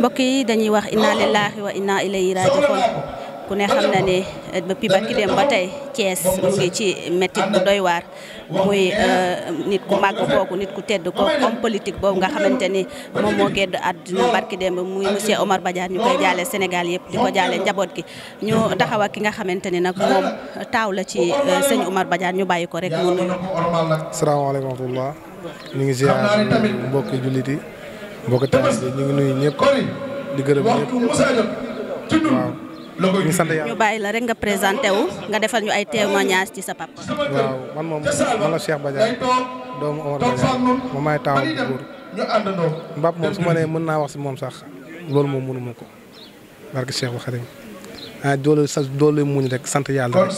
mbokk yi dañuy wax inna lillahi wa inna ilayhi raji'un ku ne xam na ne eh, depuis barki dem ba tey Thiès mu ngi ci métit bu doy waar muy eh, nit ku màgg kooku nit ku tedd ko homme politique boobu nga xamante ni moom moo gedd àdduna barki dem monsieur Omar Badiane ñu koy jaale yëpp di ko njaboot gi ñu taxaw ki nga xamante ni nag moom taaw la ci eh, sëñ Omar Badiane ñu bàyyi ko rek mu nuyu. asalaamaaleykum wa rahmatulah ñu ngi ziar mbokki jullit mbokk taalibe ñu ngi nuyu ñëpp di gërëm ñëpp waaw ñu sant yàlla ñu la rek nga présenté wu nga defal ñu ay témoignages ci sa papa. waaw man moom man la Cheikh Badiane doomu Omar Badiane moom su ma ne mën naa wax si moom sax loolu moom mënuma ko barke Cheikh bu Xadim ah doole sa doole muñ rek sant yàlla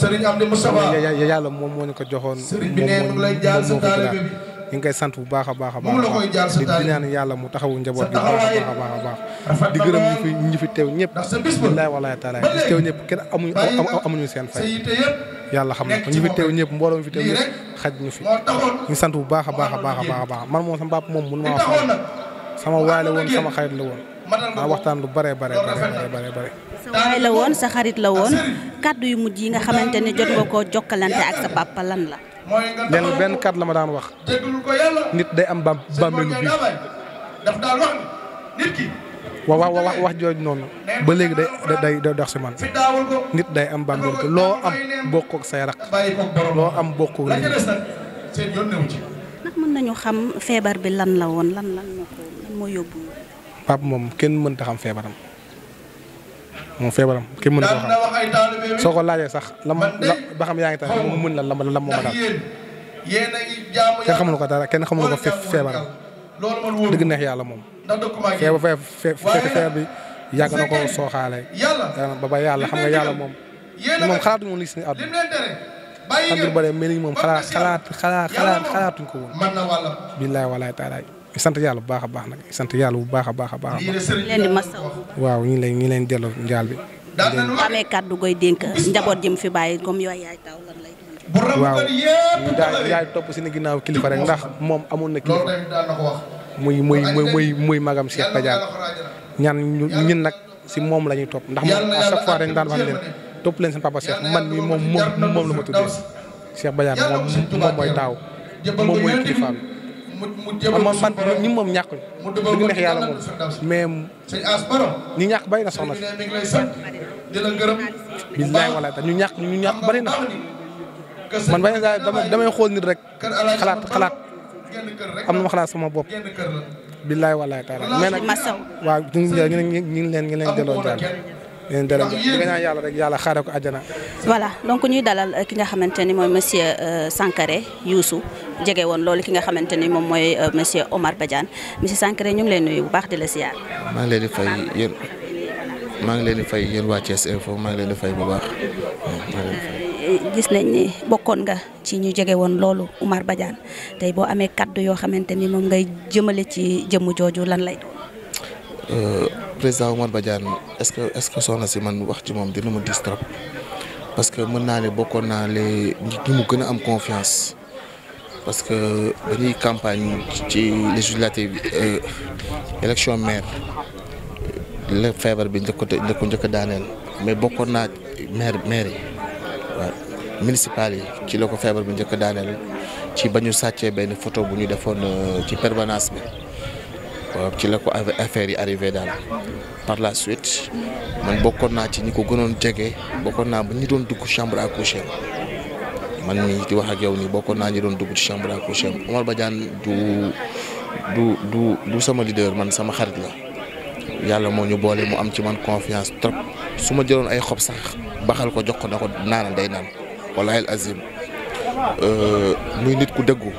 yàlla moom moo ñu ko joxoon moom moo ñu ko joxoon ñu ngi koy sant bu baax a baax a baax di ñaan yàlla mu a baax a baax di gërëm ñi fi ñi fi teew ñëpp billaay walaay taala ñi fi teew ñëpp kenn amuñu seen fay yàlla xam na ko ñi fi teew ñëpp mbooloo mi fi teew ñëpp xaj ñu fi ñu sant bu baax a baax a baax a baax man moom sama bàpp moom mun maa fa sama waay la woon sama xarit la woon maa waxtaan lu bare bare bare bare la woon sa xarit la yu mujj yi nga xamante ne jot nga koo jokkalante ak sa papa lan la neen benn kat la ma daan wax. nit day am bam bàmmeelu biir. wa wa wax jooju noonu. ba léegi day day day dox si man. nit day am bàmmeelu biir loo am bokk ak say loo am bokk ak nag mën nañu xam feebar bi lan la woon lan lan moo yóbbu. moom kenn mënta xam feebaram. moom feebaram kenn mënu koo xam soo ko laajee sax lam ba xam yaa ngi tax mu mën la lam moo ma daal kenn xamul ko dara kenn xamul ko feebaram dëgg neex yàlla moom feebar feebar feebar bi yàgg na ko sooxaale ba ba yàlla xam nga yàlla moom moom xalaatuñu woon li si ne àdduna àdduna bare mel ni moom xalaat xalaat xalaat xalaatuñ ko woon billaay walaay taalaay sant yàlla bu baax a baax nag sant yàlla bu baax a baax a baax. leen di masaw waaw ñu ngi leen ñu ngi leen njaal bi. amee kàddu goy jëm fi bàyyi comme yooyu yaay taw lan lay ginnaaw kilifa rek ndax moom amoon na kilifa muy muy muy muy magam Cheikh Badiane ñaan ñun nag si moom lañuy topp ndax moom à chaque fois leen topp leen seen man mi moom moom moom la ma tuddee Cheikh Badiane moom mooy taaw moom mooy kilifaam moom man ñi moom ñàkkuñ dëgg neex yàlla moom mais ñu ñàkk bari na soxna si billaay walaay ñu ñàkk ñu ñàkk bari na man bari na damay xool nit rek xalaat xalaat am na ma xalaat sama bopp billaay walaay taala mais nag waaw ñu ngi leen ñu ngi leen delloo jaar leen dërëm di nga ñaan yàlla rek yàlla ko àjjana voilà donc ñuy dalal ki nga xamante ni mooy monsieur euh, Sankaré Youssou jege woon loolu ki nga xamante ni moom mooy euh, monsieur Omar Badiane monsieur Sankaré ñu ngi leen nuyu bu baax di la siyaar maa ngi leen di fay yéen maa ngi leen di fay yéen waa Thiès Info maa ngi leen fay bu baax gis nañ ni bokkoon nga ci ñu jege woon loolu Omar Badiane tey boo amee kaddu yoo xamante ni moom ngay jëmale ci jëmm jooju lan lay président Omar Badiane est-ce que est-ce que soxna si man wax ci moom dina ma diis trop parce que mën naa ne bokkoon naa les ñi mu gën a am confiance parce que ba ñuy campagne ci législative euh, élection maire la feebar bi njëkk njëkko njëkk daaneel mais bokkoon naa maire maire yi waaw municipal yi ci la ko feebar bi njëkk daaneel ci ba ñu sàccee benn photo bu ñu defoon euh, ci permanence bi Euh, ci la ko affaire yi arrivé daal par la suite man bokkoon naa ci ñi ko gënoon jege bokkoon naa ba ñi doon dugg chambre à coucher man mii di wax ak yow nii bokkoon naa ñi doon dugg ci chambre à coucher Omar Badiane du du du du sama leader man sama xarit la yàlla moo ñu boole mu am ci man confiance trop su ma jëloon ay xob sax baxal ko jox ko na ko naanal day naan wallaahi al azim euh, muy nit ku dëggu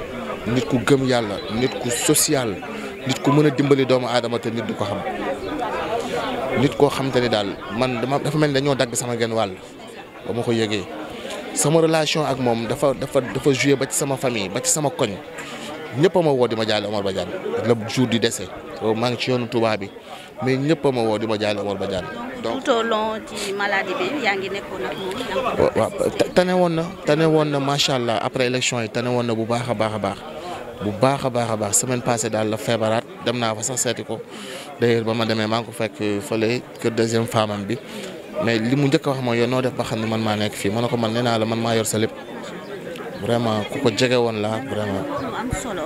nit ku gëm yàlla nit ku social. nit ku mën a dimbali doomu aadama te nit du ko xam nit koo xam te daal man dama dafa mel ni dañoo dagg sama genn wàll ba ma ko yëgee sama relation ak moom dafa dafa dafa joué ba ci sama famille ba ci sama koñ ñëpp a ma di ma jaale Omar Badiane le jour du décès maa ngi ci yoonu Touba bi mais ñëpp ma woo di ma jaale Omar ba donc tout au long ci maladie tane woon na tane woon na macha allah après élection yi tane woon na bu baax a baax a baax. bu baax a baax a baax semaine passée daal la feebaraat dem naa fa sax seeti ko d'ailleurs ba ma demee maa ngi ko fekk fële kër deuxième femme bi mais li mu njëkk a wax mooy yow noo def ba xam ne man maa nekk fii ma ne ko man nee naa la man maa yor sa lépp vraiment ku ko jege woon laa vraiment.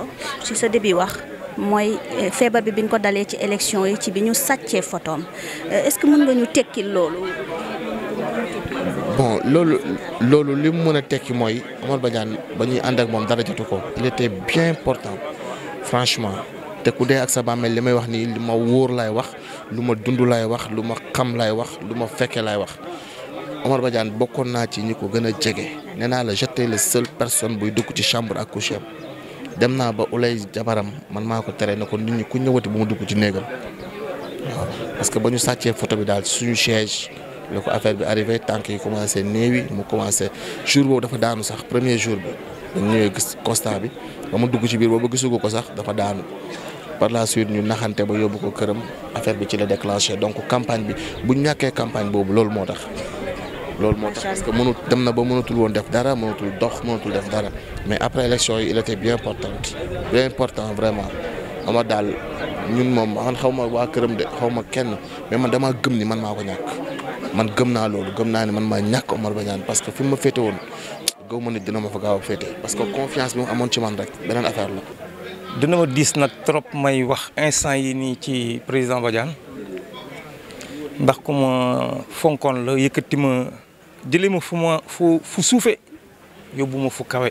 mu sa début wax. mooy eh, feebar bi biñ ko dalee ci élection yi ci bi ñu sàccee photoom eh, est-ce nga ñu tekkil loolu. bon loolu loolu li mu mën a tekki mooy Omar Badiane ba ñuy ànd ak moom dara jotu ko. il était bien important franchement te ku dee ak sa bàmmeel li may wax nii lu ma wóor laay wax lu ma dund laay wax lu ma xam laay wax lu ma fekke laay wax Omar Badiane bokkoon naa ci ñi ko gën a jege nee la j'étais la seule personne buy dugg ci chambre ak coucher am dem naa ba ulay jabaram man maa ko tere ne ko nit ñi ku ñëwati bu ma dugg ci néegam waaw que ba ñu sàccee photo bi daal suñu la affaire bi arrivé tànk yi commencé néewi mu commencé jour dafa daanu sax premier jour bi dañ gis constat bi ba mu dugg ci biir boobu gisugu ko sax dafa daanu par la suite ñu naxante ba yóbbu ko këram affaire bi ci la déclenché donc campagne bi bu ñu ñàkkee campagne boobu loolu moo tax. loolu moo tax parce que mënut dem na ba mënatul woon def dara mënatul dox mënatul def dara mais après élection yi il était bien important bien important vraiment ama daal ñun moom man xaw ma waa këram de xaw ma kenn mais man damaa gëm ni man maa ko ñàkk. man gëm naa loolu gëm naa ne man maa ñàkk Omar Badiane parce que fi mu ma féete woon gëw ma ne dina ma fa a féete parce que confiance bi mu amoon ci man rek beneen affaire la. dina ma diis nag trop may wax instant yi nii ci président Badiane ndax ku fonkoon la yëkkati ma jëlee ma fu ma fu fu suufee yóbbu ma fu kawe.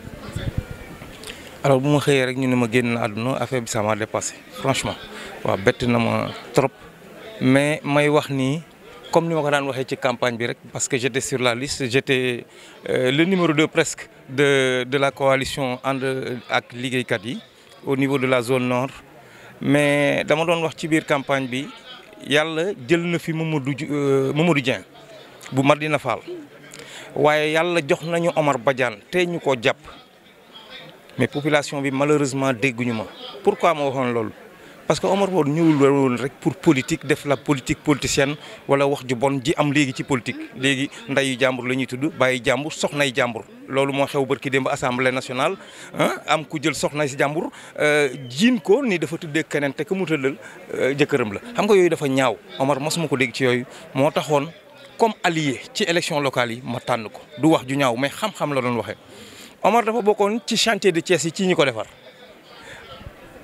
alors bu ma xëyee rek ñu ne ma génn àdduna affaire bi ça m'a dépassé franchement waaw bett na ma trop mais may wax nii. comme ni ma ko daan waxee ci campagne bi rek parce que j'étais sur la liste j'étais euh, le numéro deux presque de de la coalition ànd ak liggéeykat yi au niveau de la zone nord. mais dama doon wax ci biir campagne bi yàlla jël na fi Mamadou euh, Mamadou Dieng bu mat di Fall waaye yàlla jox nañu Omar Badiane te ñu ko jàpp mais population bi malheureusement dégguñu ma pourquoi ma waxoon loolu. parce que Omar Wone ñëwul woon rek pour politique def la politique politicienne wala wax ju bon ji am léegi ci politique léegi nday jàmbur la ñuy tudd bàyyi jàmbur soxnay jàmbur. loolu moo xew barki démb assemblée nationale am ku jël soxna si jàmbur euh, jiin ko ni dafa tuddee keneen te ku mu tëddal euh, jëkkëram la xam nga yooyu dafa ñaaw Omar mosuma ko dégg ci yooyu moo taxoon. comme allié ci élection locale yi ma tànn ko du wax ju ñaaw mais xam la doon waxee Omar dafa bokkoon ci chantier de Thiès yi ci ñi ko defar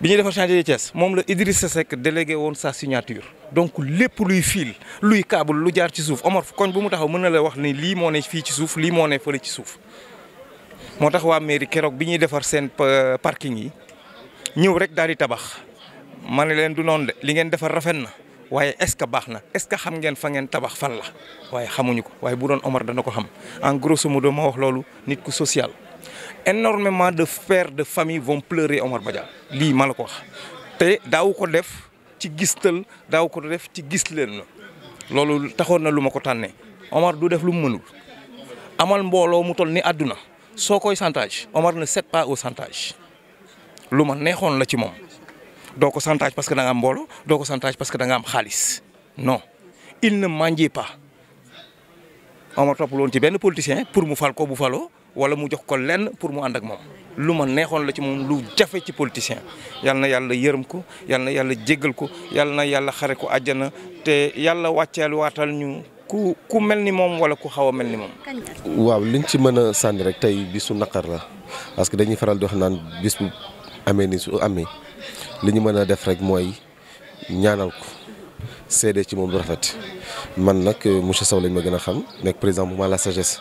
bi ñuy defar chantier Thiès moom la Idrissa Seck délégué woon sa signature donc lépp luy fil luy câble lu jaar ci suuf Omar koñ bu mu taxaw mën na la wax ni lii moo ne fii ci suuf lii ne fële ci moo tax waa keroog bi ñuy defar seen euh, parking yi ñëw rek daal di tabax ma ne leen du noonu de li ngeen defar rafet na waaye est-ce que baax na est-ce que xam ngeen fa ngeen tabax fan la waaye xamuñu ko waaye bu doon Omar dana ko xam en grosso modo ma wax loolu nit ku social. énormément de pères de famille vont pleurer Omar Badiane lii ma la ko wax te daaw ko def ci gistal daaw ko def ci gis leen la loolu taxoon na lu ma ko tànnee Omar du def lu mu mënul amal mbooloo mu toll ni àdduna soo koy chantage Omar ne cède pas au chantage lu ma neexoon la ci moom doo ko chantage parce que da am mbooloo doo ko chantage parce que da am xaalis non il ne mendiait pas Omar toppul woon ci benn politicien pour mu fal ko bu faloo wala mu jox ko lenn pour mu ànd ak moom lu ma neexoon la ci moom lu jafe ci politicien yal na yàlla yërëm ko yal na yàlla jéggal ko yàlla na yàlla xare ko àjjana te yàlla wàcceel waatal ñu ku ku mel ni moom wala ku xaw a mel ni moom. waaw liñ ci mën a sànni rek tey bisu naqar la parce que dañuy faral di naan bis amee ni su amee li ñu mën a def rek mooy ñaanal ko seede ci moom lu rafet man nag euh, monsieur Sow lañ ma gën a xam nekk président mouvement la sagesse.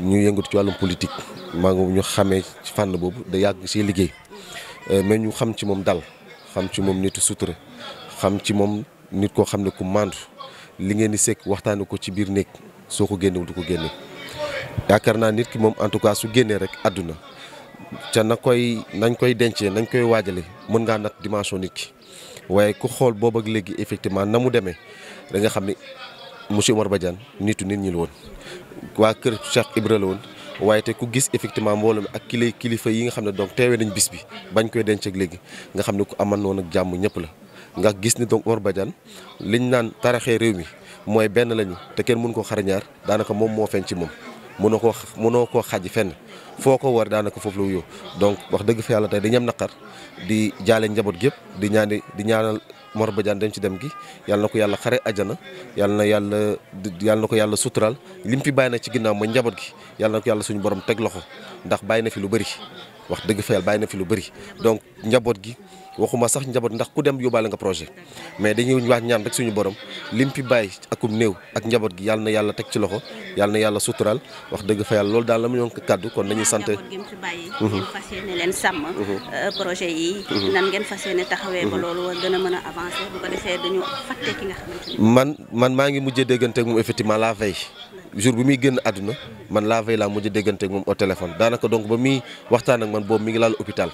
ñu yëngatu ci wàllum politique maa ñu xamee fànn boobu da yàgg siy liggéey euh, mais ñu xam ci moom dal xam ci moom nitu sutura xam ci moom nit koo xam ne ku màndu li ngeen di sekk waxtaanee ko ci biir néeg soo ko génnewul du ko génne yaakaar naa nit ki moom en tout cas su génnee rek àdduna ca na koy nañ koy dencee nañ koy waajale mën ngaa nat dimension nit ki waaye ku xool boobu ak léegi effectivement na mu demee da nga xam ne monsieur Omar Badiane nitu nit ñi la woon waa kër Cheikh Ibra la woon waaye te ku gis effectivement mbooloo mi ak kili kilifa yi nga xam ne donc teewee nañu bis bi bañ koy denc ak léegi nga xam ne ku aman noonu ak jàmm ñëpp la nga gis ni donc Omar Badiane liñ naan taraxee réew mi mooy benn lañu te kenn mënu ko xarañaar daanaka moom moo feeñ ci moom mënoo koo mënoo koo xaaj fenn foo ko war daanaka foofu la wuyoo donc wax dëgg fi yàlla tey dañu am naqar di jaale njaboot gépp Mor Badiane dem ci dem gi yàlla na ko yàlla xare ajana yàlla na yàlla yàlla na ko yàlla suturaal lim fi bàyyi na ci ginnaaw ma njaboot gi yàlla na ko yàlla suñu borom teg loxo ndax bàyyi na fi lu bëri wax dëgg fa bàyyi na fi lu bari donc njaboot gi waxuma sax njaboot ndax ku dem yóbbaale nga projet mais dañuy wax ñaan rek suñu borom lim fi bàyyi akum néew ak njaboot gi yàlla na yàlla teg ci loxo yàlla na yàlla suturaal wax dëgg fa loolu daal la mu ñoon kàddu kon nañuy sant. Mhm. sàmm. Mhm. Euh, projet yi. Mhm. nan ngeen fas yéene taxawee ba loolu war gën a mën a avancer bu ko defee dañu fàtte ki nga xamante ni. man man maa ngi mujjee dégganteeg moom effectivement la veille jour bi muy génn àdduna man la veille laa mujj déggante ak moom au téléphone daanaka donc ba muy waxtaan ak man boobu mi ngi laal hôpital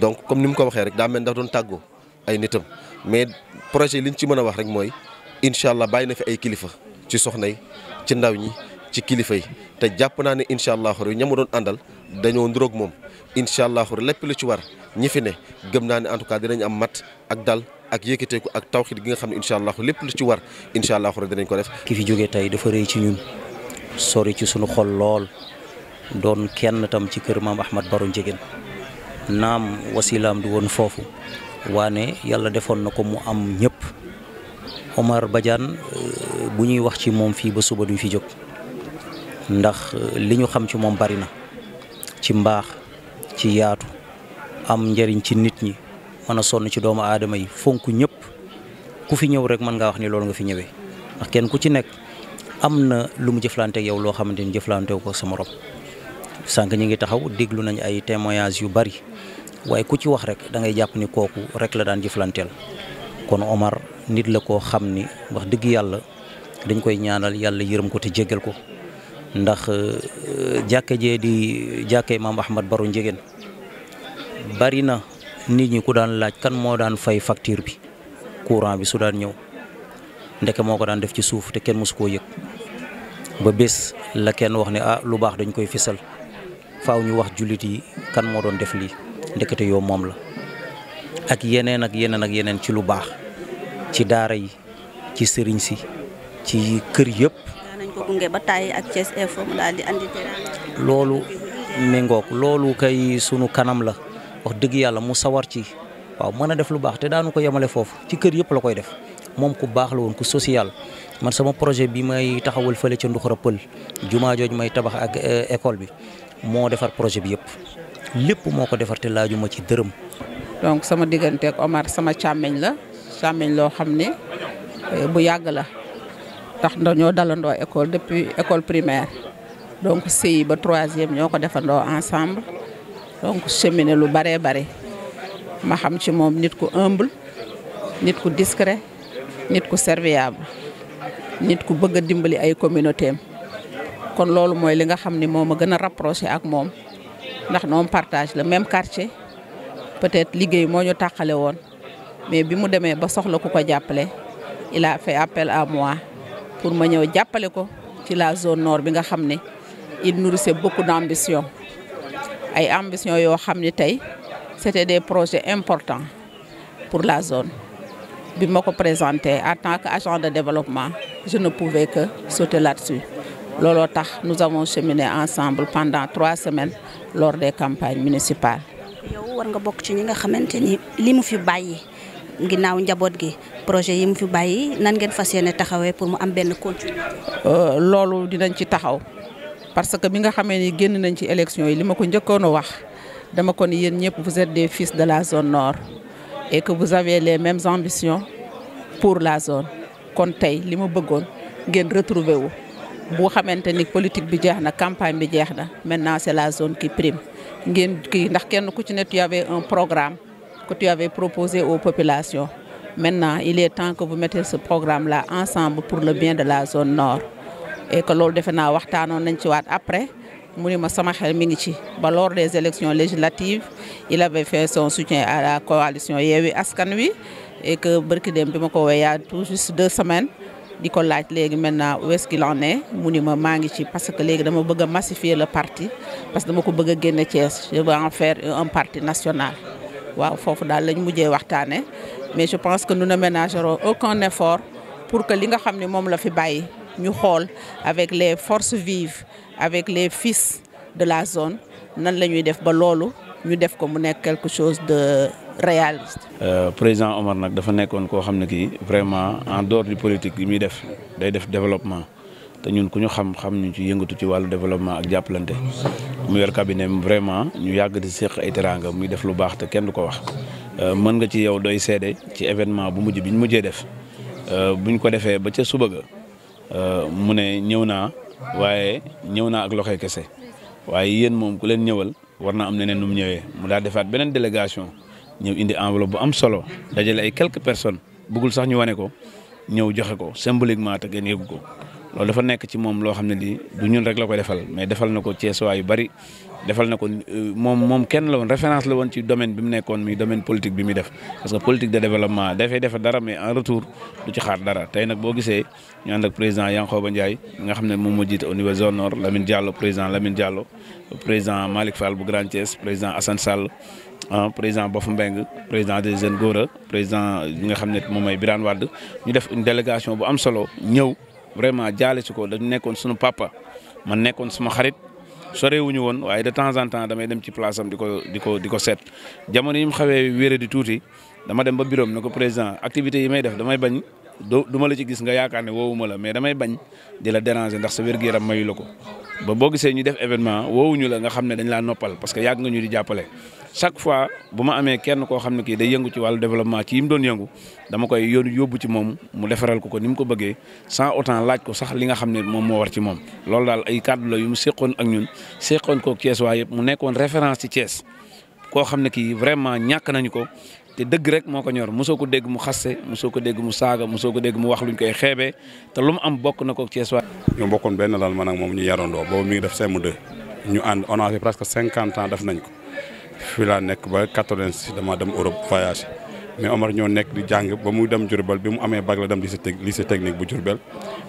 donc comme ni mu ko waxee rek daa mel ndax doon tàggoo ay nitam mais projet li ñu ci mën a wax rek mooy incha allah bàyyi na fi ay kilifa ci soxna ci ndaw ñi ci kilifa yi te jàpp naa ne incha allah xor yi ña doon àndal dañoo nduroog moom incha allah xor lépp li ci war ñi fi ne gëm naa ne en tout cas dinañ am mat ak dal. ak te ko ak tawxiit gi nga xam ne incha allah lépp lu ci war incha allah rek dinañ ko def. ki fi jógee tey dafa rëy ci ñun sori ci suñu xol lool doon kenn tam ci kër maam Ahmad Baro Ndiéguène naam wasilaam du woon foofu waane yàlla defoon na ko mu am ñëpp Omar Badiane euh, bu ñuy wax ci moom fii ba suba du fi jóg ndax euh, li ñu xam ci moom bari na ci mbaax ci yaatu am njëriñ ci nit ñi mën a sonn ci doomu aadama yi fonk ñëpp ku fi ñëw rek mën ngaa wax ni loolu nga fi ñëwee ndax kenn ku ci nekk am na lu mu jëflanteeg yow loo xamante ni jëflanteewu ko sa morom sànq ñi ngi taxaw déglu nañ ay témoignages yu bari waaye ku ci wax rek dangay jàpp ni kooku rek la daan jëflanteel kon Omar nit la koo xam ni wax dëgg yàlla dañ koy ñaanal yàlla yërëm ko te jégal ko ndax euh, jàkke jee di jàkke maam Ahmad Baro Ndiéguène bari nit ñi ku daan laaj kan moo daan fay facture bi courant bi su daan ñëw ndeke moo ko daan def ci suuf te kenn mosu koo yëg ba bés la kenn wax ne ah lu baax dañ koy fisal faaw ñu wax jullit yi kan moo doon def lii ndekete yow moom la ak yeneen ak yeneen ak yeneen ci lu baax ci daara yi ci sëriñ si ci kër yëpp. loolu méngoog loolu kay sunu kanam la wax dëgg yàlla mu sawar ci waaw mën a def lu baax te daanu ko yemale foofu ci kër yëpp la koy def moom ku baax la woon ku social. man sama projet bi may taxawal fële ca Nduxura Pël jumaa jooj may tabax ak euh, école bi moo defar projet bi yëpp lépp moo ko defar te laajuma ci dërëm. donc sama digganteeg Omar sama càmmeñ la càmmeñ loo xam ne euh, bu yàgg la ndax ñoo dalandoo école depuis école primaire donc CI ba troisième ñoo ko defandoo ensemble. donc cheminer lu baree bare ma xam ci moom nit ku humble nit ku discret nit ku serviable nit ku bëgg a dimbali ay communauté kon loolu mooy li nga xam ni moo ma gën a rapproché ak moom ndax noom partage la même quartier peut-être liggéey moo ñu tàqale woon mais bi mu demee ba soxla ku ko jàppale il a fait appel à moi pour ma ñëw jàppale ko ci la zone nord bi nga xam ne il nourrissait beaucoup d'ambition ay ambition yoo xam ni tey c'était des projets importants pour la zone bi ma ko présenter en tant qu'agent de développement je ne pouvais que sauter là-dessus looloo tax nous avons cheminé ensemble pendant trois semaines lors des campagnes municipales. yow war nga bokk ci ñi nga xamante ni li mu fi bàyyi ginnaaw njaboot gi projet yi mu fi bàyyi nan ngeen fas yéene taxawee pour mu am benn continuité. Euh, loolu dinañ ci taxaw. parce que bi nga xamee ni génn nañ ci élection yi li ma ko njëkkoon a wax dama ko ni yéen ñëpp vous êtes des fils de la zone nord et que vous avez les mêmes ambitions pour la zone kon tey li ma bëggoon ngeen retrouver wu bu xamante ni politique bi jeex na campagne bi jeex na maintenant c'est la zone qui prime ngeen kii ndax kenn ku ci ne tu avais un programme que tu avais proposé aux populations maintenant il est temps que vous mettez ce programme là ensemble pour le bien de la zone nord et que loolu defe naa waxtaanoon nañ ci waat après mu ni ma sama xel mi ngi ci ba des élections législatives il avait fait son soutien à la coalition Yewwi Askan Wi et que bërki dem bi ma ko woowee tout juste deux semaines di ko laaj léegi maintenant où est-ce mu ni ma maa ngi ci parce que léegi dama bëgg a massifier le parti parce que dama ko bëgg a génne Thiès je veux en un parti national waaw foofu daal lañ mujjee waxtaane mais je pense que nous ne ménagerons pour que li nga xam ne moom la fi bàyyi ñu xool avec les forces vives avec les fils de la zone nan la ñuy def ba loolu ñu def ko mu nekk quelque chose de réaliste. Euh, président Omar nag dafa nekkoon koo xam ne kii vraiment en dehors du politique yi muy def day def développement te ñun ku ñu xam xam ñu ci yëngatu ci wàllu développement ak jàppalante mu yor cabinet vraiment ñu yàgg di seq ay teraanga muy def lu baax te kenn du ko wax. Euh, mën nga ci yow doy sede ci événement bu mujj bi ñu mujjee def euh, buñ ko defee ba ca suba ga mu ne ñëw naa waaye ñëw naa ak loxoy kese waaye yéen moom ku leen ñëwal war naa am neneen nu mu ñëwee mu daa defaat beneen délégation ñëw indi enveloppe bu am solo dajale ay quelques personne bëggul sax ñu wane ko ñëw joxe ko symboliquement te ngeen yëgu ko loolu dafa nekk ci moom loo xam ne di du ñun rek la ko defal mais defal na ko Cees waa yu bari defal na ko moom moom kenn la woon référence la woon ci domaine bi mu nekkoon mi domaine politique bi muy def parce que politique de développement dafay defar dara mais en retour du ci xaar dara tey nag boo gisee ñu ànd ak président Yankhoba Ndiaye mi nga xam ne moom moo jiite au niveau zone nord Lamine Diallo président Lamine Diallo président Malick Fall bu Grand Thiès président Assane Sall ah, président Bof Mbeng président des jeunes Gora président bi nga xam ne moom mooy Birane Wade ñu def une délégation bu am solo ñëw vraiment jaale si ko dañu nekkoon suñu papa man nekkoon suma xarit. sorewuñu woon waaye de temps en temps damay dem ci place am di ko di ko di ko seet jamono yi mu xawee wére di tuuti dama dem ba bureau am ko président activité yi may def damay bañ duma la ci gis nga yaakaar ne woowuma la mais damay bañ di la déranger ndax sa wér-gu-yaram mayu la ko ba boo gisee ñu def événement woowuñu la nga xam ne dañ laa noppal parce que yàgg nga ñu di jàppale chaque fois bu ma amee kenn koo xam ne kii day yëngu ci wàllu développement ci yi mu doon yëngu dama koy yoon yóbbu ci moom mu defaral ko ko ni mu ko bëggee sans autant laaj ko sax li nga xam ne moom moo war ci moom. loolu daal ay kàddu la yu mu séqoon ak ñun séqoon ko Thiès waa yëpp mu nekkoon référence ci Thiès koo xam ne kii vraiment ñàkk nañu ko. te dëgg rek moo ko ñor musoo ko dégg mu xaste mosoo ko dégg mu saaga mosoo ko dégg mu wax luñ koy xeebee te lu mu am bokk na ko Cees waay. ñu bokkoon man ak moom ñu yarandoo boobu def CM2 ñu ànd on presque cinquante ans def nañ ko. fi laa nekk ba 86 damaa dem Europe voyage mais Omar ñoo nekk di jàng ba mu dem Diourbel bi mu amee bac la dem lycée lycée technique bu Diourbel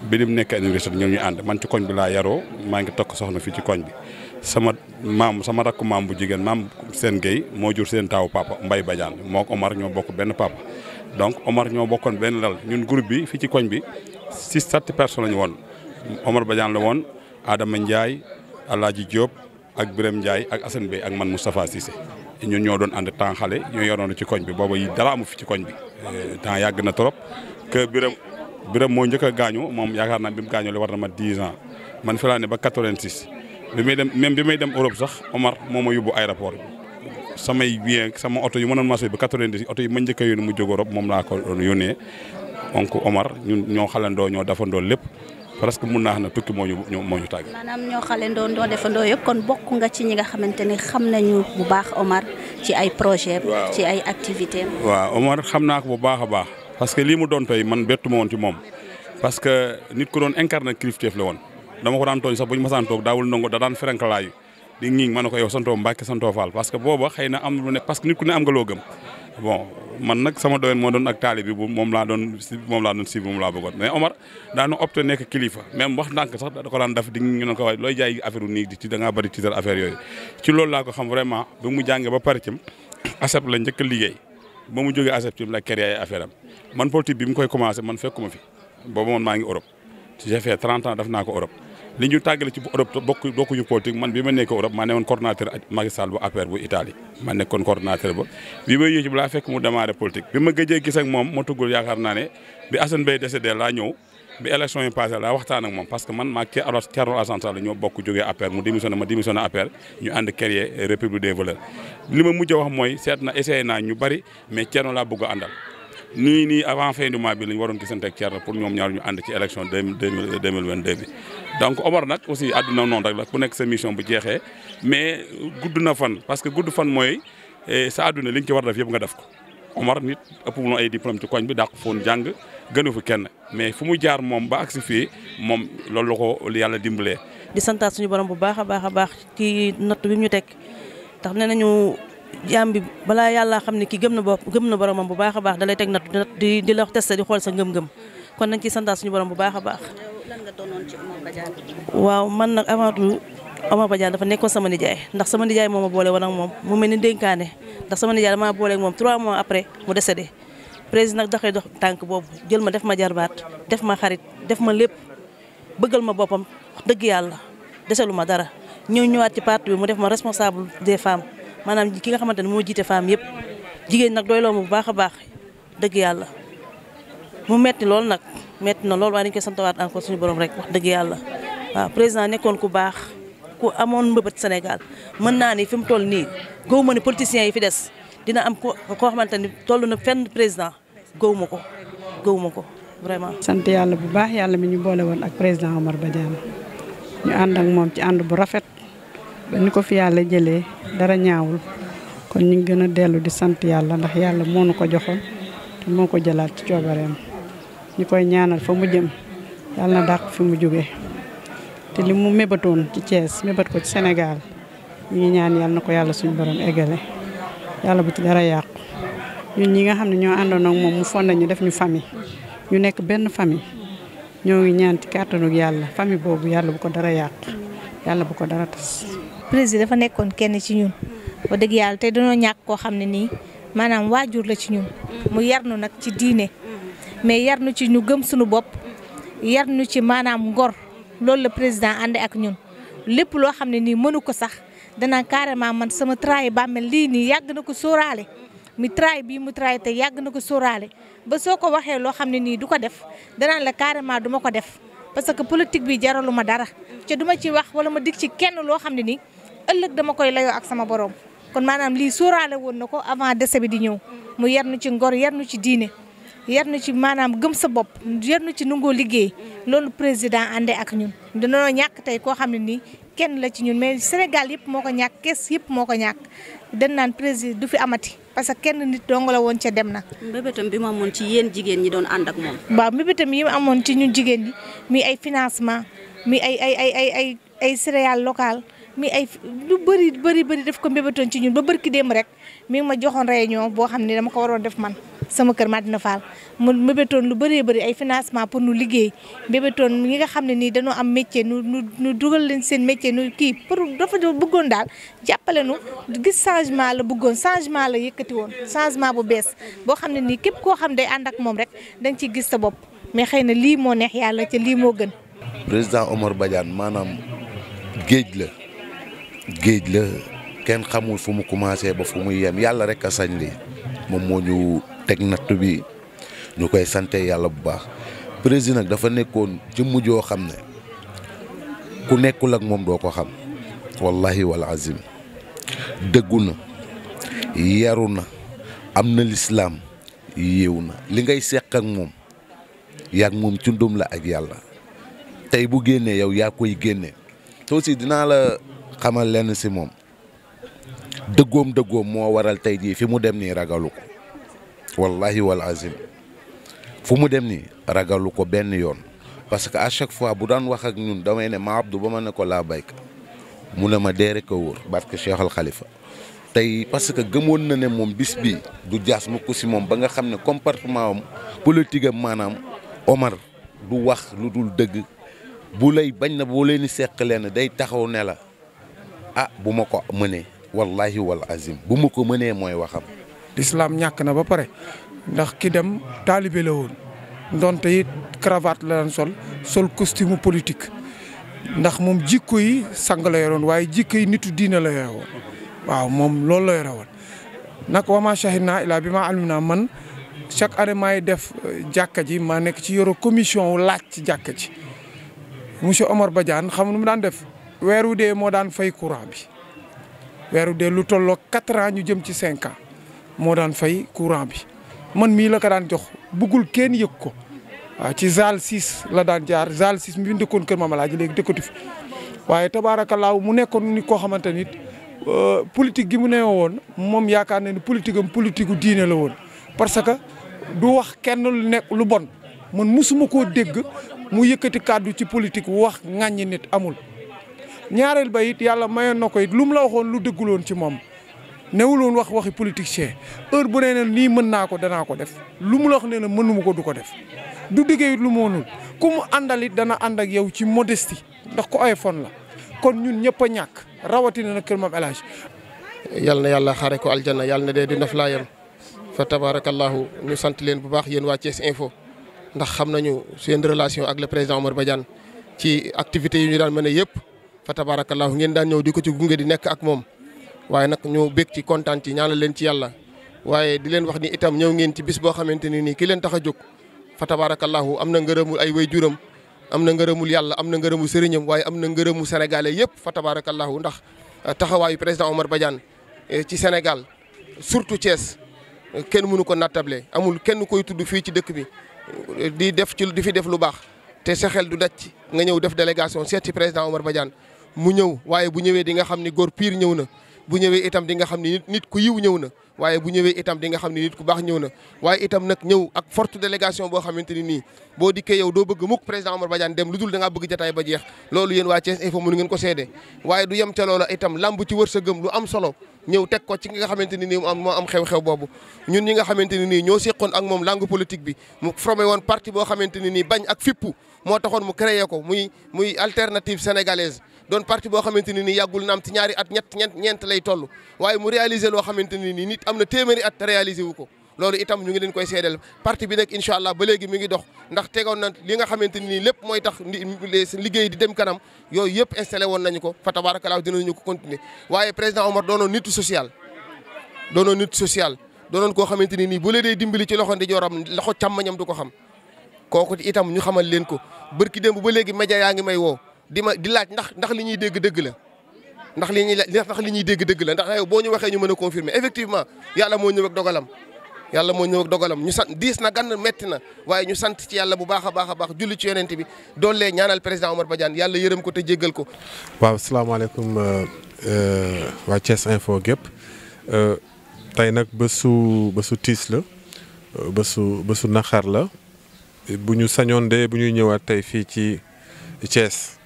bi mu nekk université ñoo ñu ànd man laa yaroo maa ngi tokk soxna fii ci koñ bi sama maam sama rakku maam bu jigéen maam seen géy moo jur seen taawu papa Mbaye Badiane moo Omar ñoo bokk benn papa donc Omar ñoo bokkoon benn lal ñun groupe bi fii ci koñ bi six sept personnes la ñu woon Omar Badiane la woon Adama Ndiaye Alaaji Diop ak Birame Ndiaye ak Assane Bey ak man Moustapha Cissé ñun ñoo doon ànd temps xale ñoo yoroon ci koñ bi booba yi dara amu fi ci koñ bi euh, temps yàgg na trop que Birame Birame moo njëkk gaañu moom yaakaar naa bi mu gaañoo war na ma diis ans man fi ne ba 86 bi may dem même bi may dem Europe sax Omar moom ma yóbbu aéroport bi samay bien sama oto yi ma doon maasoo ba 90 oto yi ma njëkk a yónni mu jóg Europe moom laa ko doon yónnee donc Omar ñun ñoo xalandoo ñoo dafandoo lépp parce que mun naa xam ne tukki moo ñu moo ñu tàgg. maanaam ñoo xale ndoo ndoo defandoo yëpp kon bokk nga ci ñi nga xamante ne ay projet ci ay activité xam naa ko bu baax a baax. parce que lii mu doon tey man bettu ma woon moom parce que nit ku doon incarné kilifteef la dama ko daan tooñ sax bu ñu masaan toog daawul nangu da daan ferenkalaayu di ngi ma ne ko yow santoo Mbàkke santoo Fall parce que booba xëy na am lu ne parce que nit ku ne am nga loo man nag sama doyen moo doon ak taali bi moom laa doon si moom laa doon si moom laa bëggoon mais Omar daanu opté nekk kilifa même wax ndànk sax da ko daan def di ñu doon ko waaye looy jaay affaire u nii di ci da ngaa bëri tiital affaire yooyu ci loolu laa ko xam vraiment bi mu jàngee ba pare cim ASEP la njëkk a liggéey ba mu jógee ASEP cim la créé ay affaire am man politique bi mu koy commencé man fekk fi boobu man maa ngi Europe j'ai fait 30 ans def naa ko Europe li ñu tàggale ci Europe bokk bokkuñu politique man bi ma nekk Europe maa nekkoon coordonnateur Macky Sall bu APR bu Italie ma nekkoon coordonnateur ba bi ma yëg ci balaa fekk mu démarré politique bi ma gëjee gis moom ma tuggul yaakaar naa bi Assane Mbaye laa ñëw bi élection yi passé laa waxtaan ak moom parce que man maa ci alors Thierno Alassane Sall ñoo bokk jógee APR mu démissionné ma démissionné APR ñu ànd créer République des valeurs li ma mujj a wax mooy seet na essayé naa ñu bari mais Thierno laa bëgg a nii nii avant fin du mois bi lañ waroon gisante ak Thierno pour ñoom ñaar ñu ànd ci élection deux mille deux mille vingt deux bi. donc Omar nag aussi àdduna noonu rek la ku nekk sa mission bu jeexee mais gudd na fan parce que gudd fan mooy eh, sa àdduna li nga ci war def yëpp nga def ko. Omar nit ëpp na ay diplôme ci koñ bi dàq foon jàng gënu fi kenn mais fu mu jaar moom ba agsi fii moom loolu la ko yàlla dimbalee. di santaat suñu borom bu baax a baax a baax ci natt bi ñu teg tax nee nañu jaam bi balaa yàlla xam ne kii gëm na bopp gëm na boromam bu baax a baax dalay teg nat di la testé di xool sa ngëm-ngëm kon nañ ciy santaat suñu borom bu baax a baax. waaw man nag avant tout Omar Badiane dafa nekkoon sama nijaay ndax sama nijaay moom a boole woon ak moom mu mel ni dénkaane ndax sama nijaay damaa boole ak moom trois mois après mu de président nag doxee dox tànk boobu jël ma def ma jarbaat def ma xarit def ma lépp bëggal ma boppam wax dëgg yàlla deselu ma dara maanaam ki nga xamante ne moo jiite femme yëpp jigéen nag doy loo bu baax a baax dëgg yàlla mu metti loolu nag metti na loolu waaye dañu koy santawaat encore suñu borom rek wax dëgg yàlla waaw président nekkoon ku baax ku amoon mbëbët Sénégal mën naa ni fi mu toll nii gaw ma ne politiciens yi fi des dina am ko koo xamante ni toll na fenn président gaw ma ko gaw ma ko vraiment. sant yàlla bu baax yàlla mi ñu boole woon ak président Omar Badiane ñu ànd moom ci ànd bu rafet. ba ni ko fi yàlla jëlee dara ñaawul kon ñu gën a dellu di sant yàlla ndax yàlla moo nu ko joxoon te moo ko jëlaat ci coobareem ñu koy ñaanal fa mu jëm yàlla na dàq mu jóge te li mu ci Thiès mébat ko ci Sénégal ñu ñaan yàlla na ko yàlla suñu borom eggale yàlla bu ci dara yàqu ñun ñi nga xam ne ñoo àndoon ak moom mu fonda ñu def ñu famille ñu nekk benn famille ñoo ngi ñaan ci kàttanu yàlla famille boobu yàlla bu ko dara yàq yàlla bu ko dara tas président dafa nekkoon kenn ci ñun ba dëgg yàlla tey dañoo ñàkk koo xam ne nii maanaam waajur la ci ñun mu yar yarnu nag ci diine mais yarnu ci ñu gëm suñu bopp yarnu ci maanaam gor loolu la président ànd ak ñun lépp loo xam ne nii mënu ko sax danaa carrément man sama traay bàmmeel lii nii yàgg na ko sóoraale mi traay bii mu traay te yàgg na ko sóoraale ba soo ko waxee loo xam ne nii du ko def danaan la carrément du ma ko def parce que politique bi jaraluma dara duma ci wax wala ma dig ci kenn loo xam ne nii ëllëg dama koy layoo ak sama borom kon maanaam lii sóoraale woon na ko avant décès bi di ñëw mu yar nu ci ngor yar nu ci diine yar nu ci maanaam gëm sa bopp yar nu ci nangoo liggéey loolu président àndee ak ñun danoo ñàkk tey koo xam ne nii kenn la ci ñun mais Sénégal yëpp moo ko ñàkk kees yëpp moo ko ñàkk dañ naan président du fi amati parce que kenn nit dong la woon ca dem na. mbébétam bi mu amoon ci yéen jigéen ñi doon ànd ak moom. waaw mbébétam yi mu amoon ci ñun jigéen ñi muy ay financement mi ay ay ay ay ay céréales locales. mi ay lu bëri bëri bëri def ko mbébatoon ci ñun ba bërki démb rek mi ngi ma joxoon réunion boo xam ne dama ko waroon def man sama kër Madina Fall mu mbébatoon lu bëree bëri ay financement pour nu liggéey mbébatoon ñi nga xam ne nii dañoo am métier nu nu nu dugal leen seen métier nu kii pour dafa bëggoon daal jàppale nu gis changement la buggoon changement la yëkkati woon changement bu bees boo xam ne nii képp koo xam day ànd ak moom rek danga ciy gis sa bopp mais xëy na lii moo neex yàlla ca lii moo gën président omor Badiane maanaam géej la géej la kenn xamul fu mu commencé ba fu muy yem yàlla rek a sañ li moom moo ñu teg natt bi ñu koy sante yàlla bu baax président nag dafa nekkoon jëmm joo xam ne ku nekkul ak moom doo ko xam wallahi wal azim dëggu na yaru na am na lislaam yéew na li ngay seq ak moom yaa ak moom cundum la ak yàlla tey bu génnee yow yaa koy génne te aussi dinaa la xamal lenn si moom dëggoom dëggoom moo waral tey jii fi mu dem nii ragalu ko wallahi wal azim fu mu dem nii ragalu ko benn yoon parce que à chaque fois bu daan wax ak ñun damay ne ma Abdou ba ma ne ko laa bayka mu ne ma dee rek a wóor barke Cheikh Al tey parce que gëmoon na ne moom bis bi du jaas mukk si moom ba nga xam ne comportement am politique am maanaam Omar du wax lu dul dëgg bu lay bañ na boo leen di seq leen day taxaw ne la a ah, bu ma ko mënee wallahi wal azim bu ma ko mënee mooy waxam. lislaam ñàkk na ba pare ndax ki dem taalibe la woon donte it cravate la daan sol sol costume politique ndax moom jikko yi sang la yoroon waaye jikko yi nitu diina la yore woon waaw moom loolu la yore woon nag wama shahid naa ilaa bi ma alim man chaque année maay def euh, jàkka ji maa nekk ci yoro commission wu laaj ci jàkka ji monsieur Omar Badiane xam nu mu daan def weeru dee moo daan fay courant bi weeru dee lu tolloo quatre ans ñu jëm ci cinq ans moo daan fay courant bi man mii la ko daan jox bëggul kenn yëg ko waaw ci Zal 6 la daan jaar Zal 6 mi dëkkoon Kër Mama Laaji léegi dëkkatu fi waaye laaw mu nekkoon ni koo xamante ni euh, politique gi mu ne woon moom yaakaar na ni politique am politique gu diine la woon. parce que du wax kenn lu bon man musuma koo dégg mu yëkkati kàddu ci politique wax ŋàññi nit amul. ñaareel ba it yàlla mayoon na ko it lu mu la waxoon lu dëgguloon ci moom newuloon wax waxi politicien heure bu nee na nii mën naa ko danaa ko def lu mu la wax nee na mënuma ko du ko def du diggee it lu mu mënul ku dana ànd ak yow ci modestie ndax ko oyofoon la kon ñun ñëpp a ñàkk rawatina na kër ma El Hadj yal na yàlla xaare ko aljanna yal na dee di ndaf laa yam fa tabarakallahu ñu sant leen bu baax yéen waa Thiès Info ndax xam nañu seen relation ak président Omar Badiane ci activités yi ñu daan mën a yëpp fa tabaarakallaahu ngeen daan ñëw di ko ci gunge di nekk ak moom waaye nag ñu bég ci kontaan ci ñaanal leen ci yàlla waaye di leen wax ni itam ñëw ngeen ci bis boo xamante ne nii ki leen tax a jóg fa tabaarakallaahu am na ngërëmul ay way juram am na ngërëmul yàlla am na ngërëmu sëriñam waaye am na ngërëmu sénégalais yëpp fa tabaarakallaahu ndax eh, taxawaayu président Omar Badiane eh, ci senegal surtout cees eh, kenn mënu ko nattable amul kenn koy tudd fii ci dëkk bi di def ci di fi def lu baax te sa xel du daj nga ñëw def délégation seeti président Omar Badiane mu ñëw waaye bu ñëwee di nga xam ni góor piir ñëw na bu ñëwee itam di nga xam ni nit ku yiw ñëw na waaye bu ñëwee itam di nga xam ni nit ku baax ñëw na waaye itam nag ñëw ak forte délégation boo xamante ni nii boo dikkee yow doo bëgg mukk président Omar dem lu dul da bëgg jataay ba jeex loolu yéen waa Thiès Info mënu ngeen ko seede waaye du yem ca loola itam lamb ci wërsëgëm lu am solo ñëw teg ko ci nga xamante ni nii mu am moo am xew-xew boobu ñun ñi nga xamante ni nii ñoo seqoon ak moom langue politique bi mu formé woon parti boo xamante ni nii bañ ak fippu moo taxoon mu créé ko muy muy alternative sénégalaise doon parti boo xamante ne nii yàggul naam ti ñaari at ñett ñeent ñeent lay toll waaye mu réaliser loo xamante ne nii nit am na téeméeri at réaliser wu ko loolu itam ñu ngi leen koy seedeel parti bi nag incha allah ba léegi mingi dox ndax tegoon na li nga xamante ni lépp mooy tax liggéey di dem kanam yooyu yëpp installé woon nañu ko fa tabaarakalaaw dinañu ko continuer waaye président Omar doonoon nitu social doonoon nitu social doonoon koo xamante ni nii bu la dee dimbali ci loxo ndijooram loxo càmmañam du ko xam kooku itam ñu xamal leen ko bërki démb ba léegi média yaa ngi may woo di ma di laaj ndax ndax li ñuy dégg dëgg la ndax li ñuy ndax li ñuy dégg dëgg la ndax yow boo ñu waxee ñu mën a confirmer effectivement yàlla moo ñëw ak dogalam yàlla moo ñëw dogalam ñu sant diis na gan metti na waaye ñu sant ci yàlla bu baax a baax a baax julli ci yonent bi doolee ñaanal président Omar Badiane yàlla yërëm ko te jéggal ko. waaw salaamaaleykum euh, euh, waa Thiès Info gépp euh, tey nag bésu bésu tiis la bésu bésu naxar la bu ñu sañoon de bu ñuy ñëwaat tey fii ci Thiès.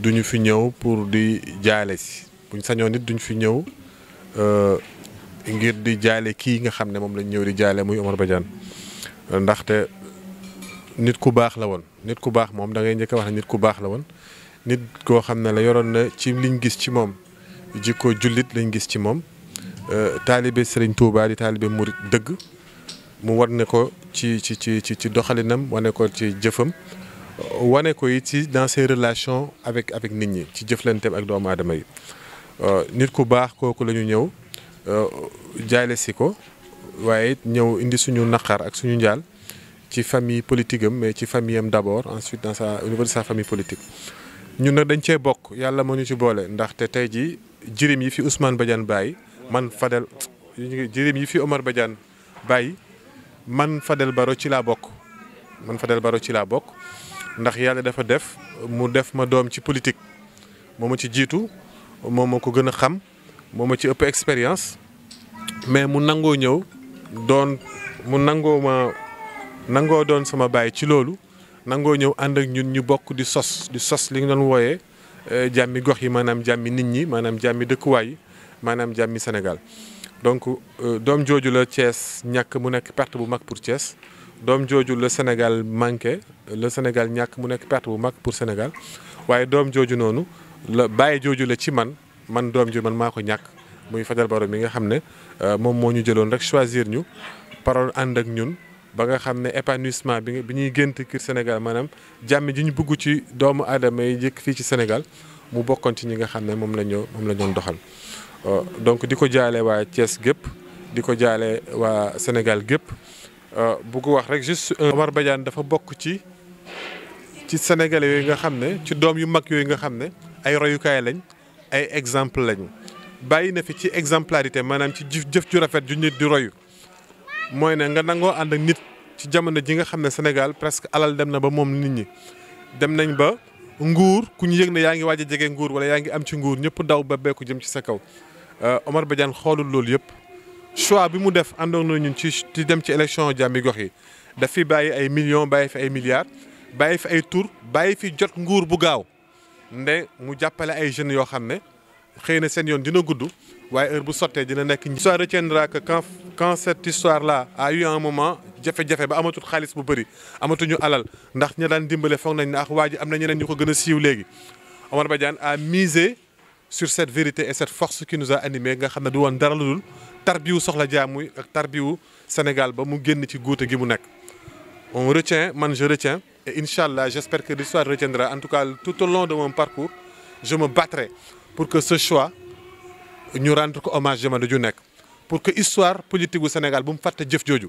duñu fi ñëw pour di jaale si buñ sañoon nit duñu fi ñëw euh, ngir di jaale kii nga xam ne moom lañ ñëw di jaale muy Omar Badiane ndaxte nit ku baax la woon nit ku baax moom dangay njëkk a wax ne nit ku baax la woon nit koo xam ne la yoroon na ci liñ gis ci moom jikko jullit lañ gis ci moom euh, taalibe Serigne Touba di taalibe murit dëgg mu war ne ko ci ci ci ci doxalinam wane ko ci jëfam wane ko it ci dans relation avec avec nit ñi ci jëflanteem ak doomu aadama yi euh, nit ku baax kooku la ñu ñëw euh, jaale si ko waaye ñëw indi suñu naqar ak suñu njaal ci famille politique am mais ci famille am d'abord ensuite dans sa au niveau de sa famille politique. ñun ne dañ cee bokk yàlla moo ñu ci boole ndaxte tey jii jirim yi fi Ousmane Badiane bàyyi man Fadel jirim yi fi Omar Badiane bàyyi man Fadel Baro ci laa bokk man Fadel Baro ci laa bokk. ndax yàlla dafa def mu def ma doom ci politique moo ma ci jiitu moo ma ko gën a xam moo ma ci ëpp expérience mais mu nangoo ñëw doon mu nangoo ma nangoo doon sama baay ci loolu nangoo ñëw ànd ak ñun ñu bokk di sos di sos li nga doon wooyee eh, jàmmi gox yi maanaam jàmmi nit ñi maanaam jàmmi dëkkuwaay maanaam jàmmi Sénégal donc euh, doom jooju la cees ñàkk mu nekk perte bu mag pour Thiès. doom jooju la Sénégal manqué le Sénégal ñàkk mu nekk perte bu mag pour Sénégal waaye doom jooju noonu la bàyyi jooju la ci man man doom jooju man maa ko ñàkk muy fajal Barro bi nga xam ne euh, moom moo ñu jëloon rek choisir ñu parole ànd ak ñun ba nga xam ne épanouissement bi bi ñuy gént kër Sénégal maanaam jàmm ji ñu bugg ci doomu aadama yi jëkk fii ci Sénégal mu bokkoon ci ñi nga xam ne moom la ñu moom la ñoon doxal euh, donc di ko jaale waa Thiès gépp di ko jaale waa Sénégal gépp Euh, bu ko wax rek juste euh, Omar Badiane dafa bokk ci ci sénégalais yooyu nga xam ne ci doom yu mag yooyu nga xam ne ay royukaay lañ ay exemple lañu bàyyi na fi ci exemplarité maanaam ci jëf jëf ju rafet ju nit di royu mooy ne nga nangoo ànd ak nit ci jamono ji nga xam ne Sénégal presque alal dem na ba moom nit ñi dem nañ ba nguur ku ñu yëg ne yaa ngi waaj a jege nguur wala yaa ngi am ci nguur ñëpp daw ba beeku jëm ci sa kaw euh, Omar Badiane xoolul loolu yëpp choix bi mu def àndoon na ñun ci ci dem ci élection jàmmi gox yi daf fi bàyyi ay million bàyyi fi ay milliards bàyyi fi ay tour bàyyi fi jot nguur bu gaaw nde mu jàppale ay jeunes yoo xam ne xëy na seen yoon dina gudd waaye heure bu sottee dina nekk. l'histoire retiendra que quand quand cette histoire là a eu un moment jafe-jafe ba amatul xaalis bu bëri amatuñu alal ndax ña daan dimbale foog nañ naax ak ah, waa ji am na ñeneen ñu ko gën a siiw léegi Omar Badiane a misé sur cette vérité et force qui nous a nga xam ne du woon dara lu tarbiwu soxla jaamuy ak tarbiwu Sénégal ba mu génn ci guute gi mu nekk on retient man je retiens et incha allah j'espère que l'histoire retiendra en tout cas tout au long de mon parcours je me battrai pour que ce choix ñu rendre ko hommage jamono ju nekk pour que histoire politique gu Sénégal bu mu fàtte jëf jooju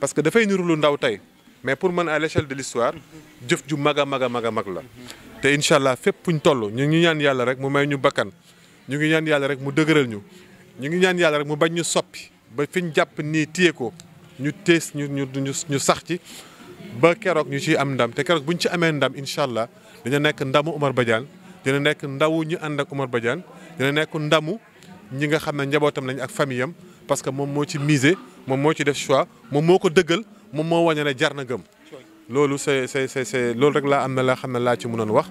parce que dafay niru lu ndaw tey mais pour man à l'échelle de l'histoire jëf ju mag a mag a mag a mag la te incha allah fépp fu ñu toll ñu ngi ñaan yàlla rek mu ñu bakkan ñu ngi ñaan yàlla rek mu dëgëral ñu ñu ngi ñaan yàlla rek mu bañ ñu soppi ba fi ñu jàpp nii téye ko ñu tees ñu ñu ñu sax ci ba keroog ñu ciy am ndam te keroog bu ñu ci amee ndam incha allah dina nekk ndamu Omar Badiane dina nekk ndawu ñu ànd ak Omar dina nekk ndamu ñi nga xam ne njabootam nañ ak famille am parce que moom moo ci misé moom moo ci def choix moom moo ko dëggal moom moo wane ne jar na gëm. loolu c'est c'est c'est loolu rek laa am na laa xam ne laa ci mënoon wax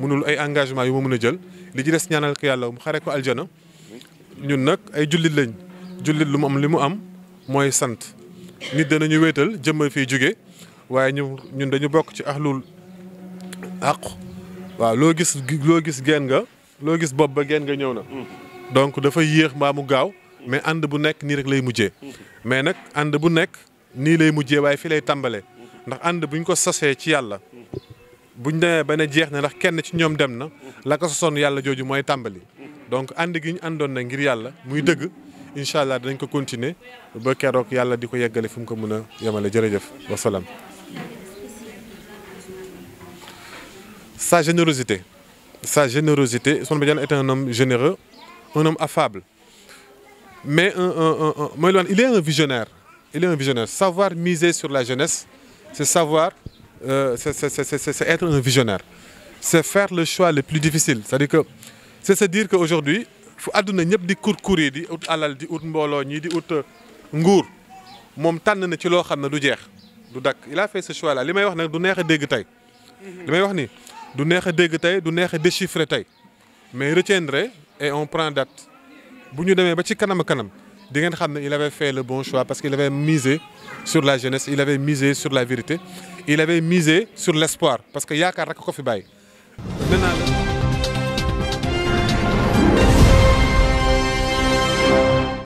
munul ay engagement yu ma mën a jël li ci des ñaanal yàlla mu xare ko aljana ñun nag ay jullit lañ jullit lu mu am li mu am mooy sant nit dana ñu wetal jëmmal fii jóge waaye ñu ñun dañu bokk ci ahlul àq waaw loo gis loo gis geen nga loo gis bopp ba geen nga ñëw na donc dafa yéex mbaa mu gaaw mais ànd bu nekk nii rek lay mujjee mais nag ànd bu nekk nii lay mujjee waaye fii lay tàmbale ndax ànd buñ ko sosee ci yàlla buñ demee ba ne jeex na ndax kenn ci ñoom dem na la ko sosoon yàlla jooju mooy tàmbali donc ànd gi ñu àndoon na ngir yàlla muy dëgg incha allah dañ ko continuer ba keroog yàlla di ko yeggale fu mu ko mën a yemale jërëjëf wasalaam. sa générosité sa générosité Ousmane Badiane est un homme généreux un homme affable mais un un un un mooy loolu il est un visionnaire il est un visionnaire savoir miser sur la jeunesse c'est savoir euh, c'est c'est c'est c'est être un visionnaire c'est faire le choix le plus difficile c'est-à-dire que c'est-à-dire que aujourd'hui fu àdduna ñëpp di kurkuri di ut alal di ut mbooloo ñii di ut euh, nguur moom tànn na ci loo xam ne du jeex du dakk il a fait ce choix là li may wax nag du neex a dégg tey. li may wax ni du neex a dégg tey du neex a déchiffrer tey mais retiendrai et on prend date bu ñu demee ba ci kanam a kanam di ngeen xam ne il avait fait le bon choix parce que qu'il avait misé sur la jeunesse il avait misé sur la vérité il avait misé sur parce que yaakaar rek ko fi bàyyi.